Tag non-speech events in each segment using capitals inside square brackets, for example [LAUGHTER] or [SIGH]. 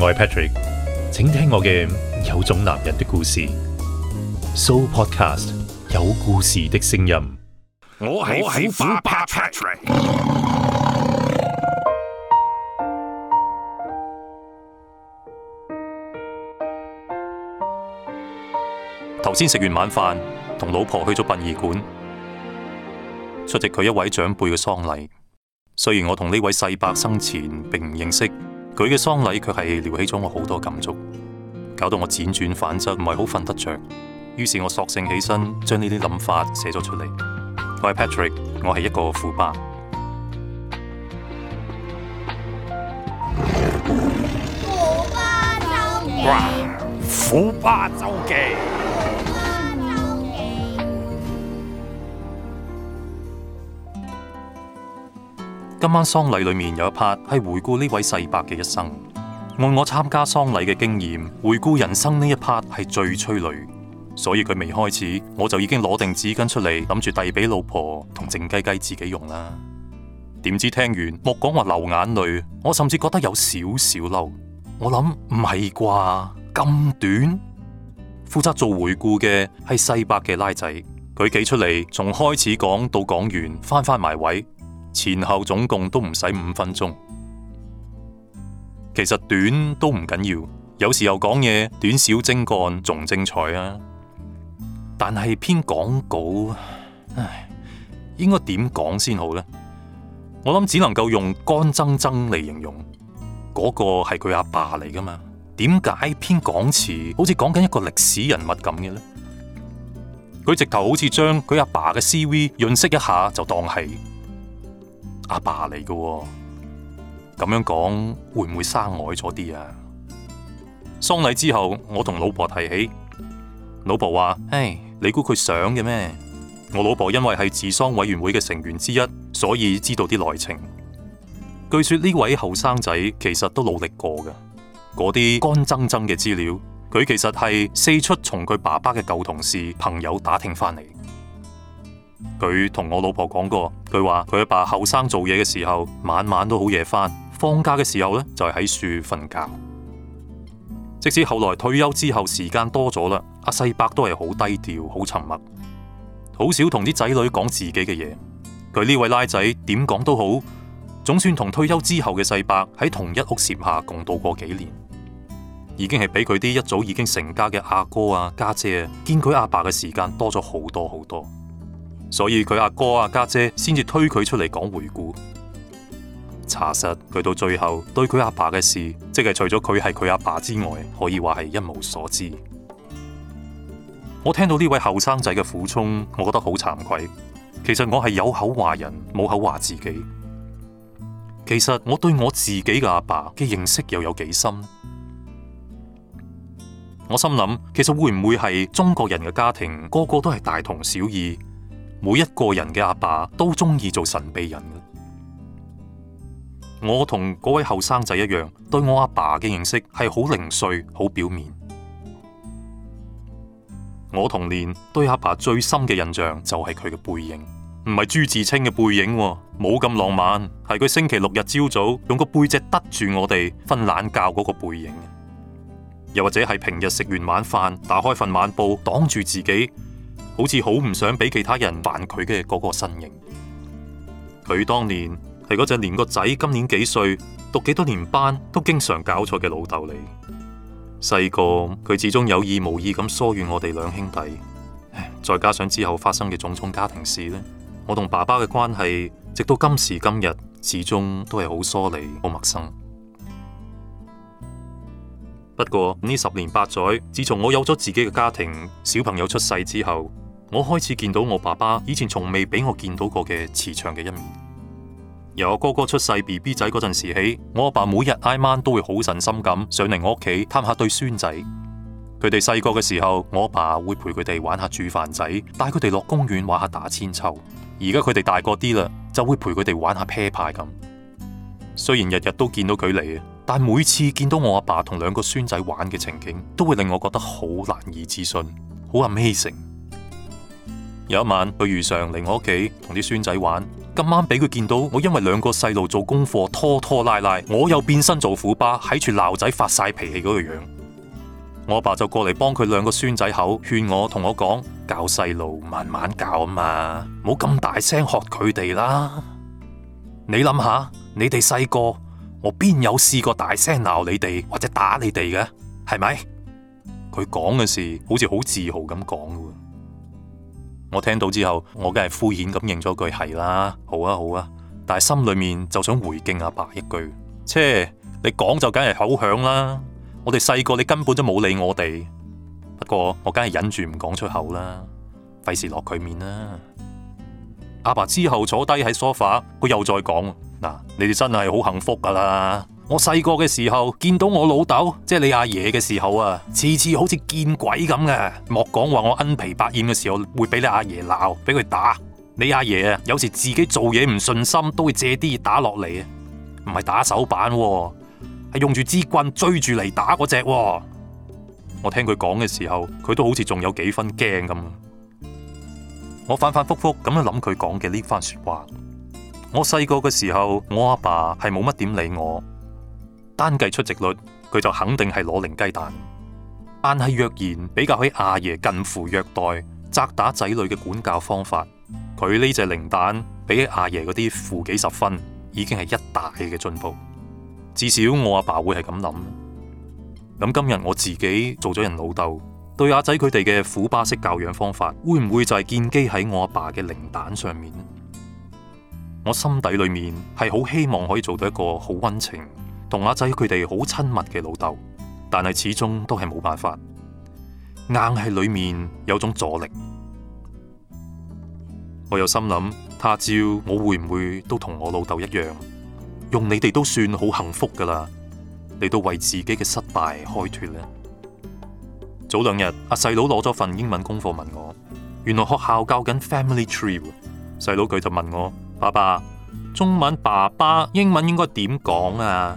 我係 Patrick，請聽我嘅有種男人的故事。So Podcast 有故事的聲音。我喜歡 Patrick。頭先食完晚飯，同老婆去咗殯儀館出席佢一位長輩嘅喪禮。雖然我同呢位世伯生前並唔認識。佢嘅喪禮卻係撩起咗我好多感觸，搞到我輾轉反側，唔係好瞓得着。於是，我索性起身，將呢啲諗法寫咗出嚟。我係 Patrick，我係一個苦巴。苦巴周記。哇，苦巴周記。今晚喪禮裏面有一 part 係回顧呢位世伯嘅一生。按我參加喪禮嘅經驗，回顧人生呢一 part 係最催淚，所以佢未開始，我就已經攞定紙巾出嚟，諗住遞俾老婆同靜雞雞自己用啦。點知聽完，莫講話流眼淚，我甚至覺得有少少嬲。我諗唔係啩？咁短？負責做回顧嘅係世伯嘅拉仔，佢記出嚟從開始講到講完，翻翻埋位。前後總共都唔使五分鐘，其實短都唔緊要。有時候講嘢短小精幹，仲精彩啊！但係篇講稿，唉，應該點講先好呢？我諗只能夠用乾爭爭嚟形容。嗰個係佢阿爸嚟噶嘛？點解篇講詞好似講緊一個歷史人物咁嘅呢？佢直頭好似將佢阿爸嘅 C.V. 潤色一下就當係。阿爸嚟嘅、哦，咁樣講會唔會生外咗啲啊？喪禮之後，我同老婆提起，老婆話，唉 Hey,，你估佢想嘅咩？我老婆因為係治喪委員會嘅成員之一，所以知道啲內情。據說呢位後生仔其實都努力過嘅，嗰啲乾爭爭嘅資料，佢其實係四出從佢爸爸嘅舊同事、朋友打聽翻嚟。佢同我老婆講過，佢話佢阿爸後生做嘢嘅時候，晚晚都好夜返。放假嘅時候呢就喺樹瞓覺。即使後來退休之後時間，時間多咗啦，阿世伯都係好低調，好沉默，好少同啲仔女講自己嘅嘢。佢呢位拉仔點講都好，總算同退休之後嘅世伯喺同一屋檐下共度過幾年，已經係比佢啲一早已經成家嘅阿哥啊、家姐啊，見佢阿爸嘅時間多咗好多好多。所以佢阿哥阿家姐先至推佢出嚟講回顧。查實佢到最後對佢阿爸嘅事，即係除咗佢係佢阿爸之外，可以話係一無所知。我聽到呢位後生仔嘅苦衷，我覺得好慚愧。其實我係有口話人，冇口話自己。其實我對我自己嘅阿爸嘅認識又有幾深？我心諗，其實會唔會係中國人嘅家庭個個都係大同小異？每一個人嘅阿爸都中意做神秘人嘅。我同嗰位後生仔一樣，對我阿爸嘅認識係好零碎，好表面。我童年對阿爸最深嘅印象就係佢嘅背影，唔係朱自清嘅背影，哦，冇咁浪漫，係佢星期六日朝早用個背脊得住我哋瞓懶覺嗰個背影。又或者係平日食完晚飯，打開份晚報擋住自己。好似好唔想俾其他人煩佢嘅嗰個身形。佢當年係嗰隻連個仔今年幾歲、讀幾多年班都經常搞錯嘅老豆嚟。細個佢始終有意無意咁疏遠我哋兩兄弟，再加上之後發生嘅種種家庭事呢。我同爸爸嘅關係直到今時今日始終都係好疏離、好陌生。不過呢十年八載，自從我有咗自己嘅家庭、小朋友出世之後。我開始見到我爸爸以前從未俾我見到過嘅慈祥嘅一面。由我哥哥出世 B B 仔嗰陣時起，我阿爸每日挨晚都會好神心咁上嚟我屋企探下對孫仔。佢哋細個嘅時候，我阿爸會陪佢哋玩下煮飯仔，帶佢哋落公園玩下打千秋。而家佢哋大個啲啦，就會陪佢哋玩下 pair 牌咁。雖然日日都見到佢嚟，但每次見到我阿爸同兩個孫仔玩嘅情景，都會令我覺得好難以置信，好 amazing。有一晚，佢如常嚟我屋企同啲孫仔玩。今晚俾佢見到我，因為兩個細路做功課拖拖拉拉，我又變身做虎爸，喺處鬧仔發晒脾氣嗰個樣。我阿爸就過嚟幫佢兩個孫仔口勸我，同我講教細路慢慢教啊嘛，唔好咁大聲喝佢哋啦。你諗下，你哋細個，我邊有試過大聲鬧你哋或者打你哋嘅？係咪？佢講嘅事好似好自豪咁講。我聽到之後，我梗係敷衍咁應咗句係啦，好啊好啊，但係心裏面就想回敬阿爸，爸一句，切，你講就梗係口響啦。我哋細個你根本就冇理我哋，不過我梗係忍住唔講出口啦，費事落佢面啦。阿爸，爸之後坐低喺 sofa，佢又再講，嗱，你哋真係好幸福噶啦。我細個嘅時候見到我老豆，即係你阿爺嘅時候啊，次次好似見鬼咁嘅。莫講話我恩皮百厭嘅時候會俾你阿爺鬧，俾佢打。你阿爺啊，有時自己做嘢唔順心，都會借啲嘢打落嚟啊。唔係打手板，係用住支棍追住嚟打嗰隻啊。我聽佢講嘅時候，佢都好似仲有幾分驚咁。我反反复复咁樣諗佢講嘅呢番說話。我細個嘅時候，我阿爸係冇乜點理我。單計出席率，佢就肯定係攞零雞蛋。但係若然比較起阿爺近乎虐待責打仔女嘅管教方法，佢呢隻零蛋比起阿爺嗰啲負幾十分，已經係一大嘅進步。至少我阿爸會係咁諗。咁今日我自己做咗人老豆，對阿仔佢哋嘅虎巴式教養方法，會唔會就係建基喺我阿爸嘅零蛋上面？我心底裏面係好希望可以做到一個好溫情、同阿仔佢哋好親密嘅老豆，但係始終都係冇辦法，硬係裏面有種阻力。我又心諗，他朝我會唔會都同我老豆一樣，用你哋都算好幸福噶啦，你都為自己嘅失敗開脫呢？早兩日阿細佬攞咗份英文功課問我，原來學校教緊 family tree，細佬佢就問我爸爸中文爸爸英文應該點講啊？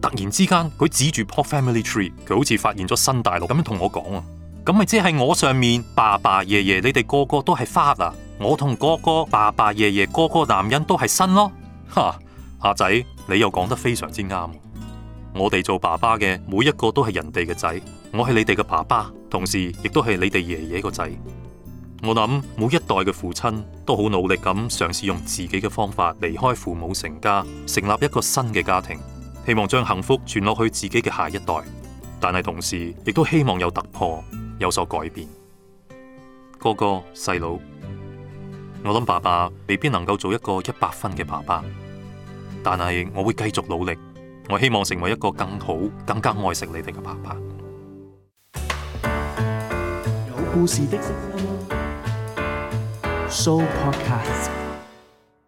突然之間，佢指住《Poor Family Tree》，佢好似發現咗新大陸咁樣同我講啊。咁咪即係我上面爸爸爺爺，你哋個個都係花啊。我同哥哥、爸爸、爺爺、哥哥男人都係新咯。吓、 [LAUGHS] 啊，阿仔，你又講得非常之啱。我哋做爸爸嘅每一個都係人哋嘅仔，我係你哋嘅爸爸，同時亦都係你哋爺爺個仔。我諗每一代嘅父親都好努力咁嘗試用自己嘅方法離開父母成家，成立一個新嘅家庭。希望將幸福傳落去自己嘅下一代，但係同時亦都希望有突破，有所改變。哥哥、細佬，我諗爸爸未必能夠做一個一百分嘅爸爸，但係我會繼續努力，我希望成為一個更好、更加愛錫你哋嘅爸爸。有故事的 Show podcast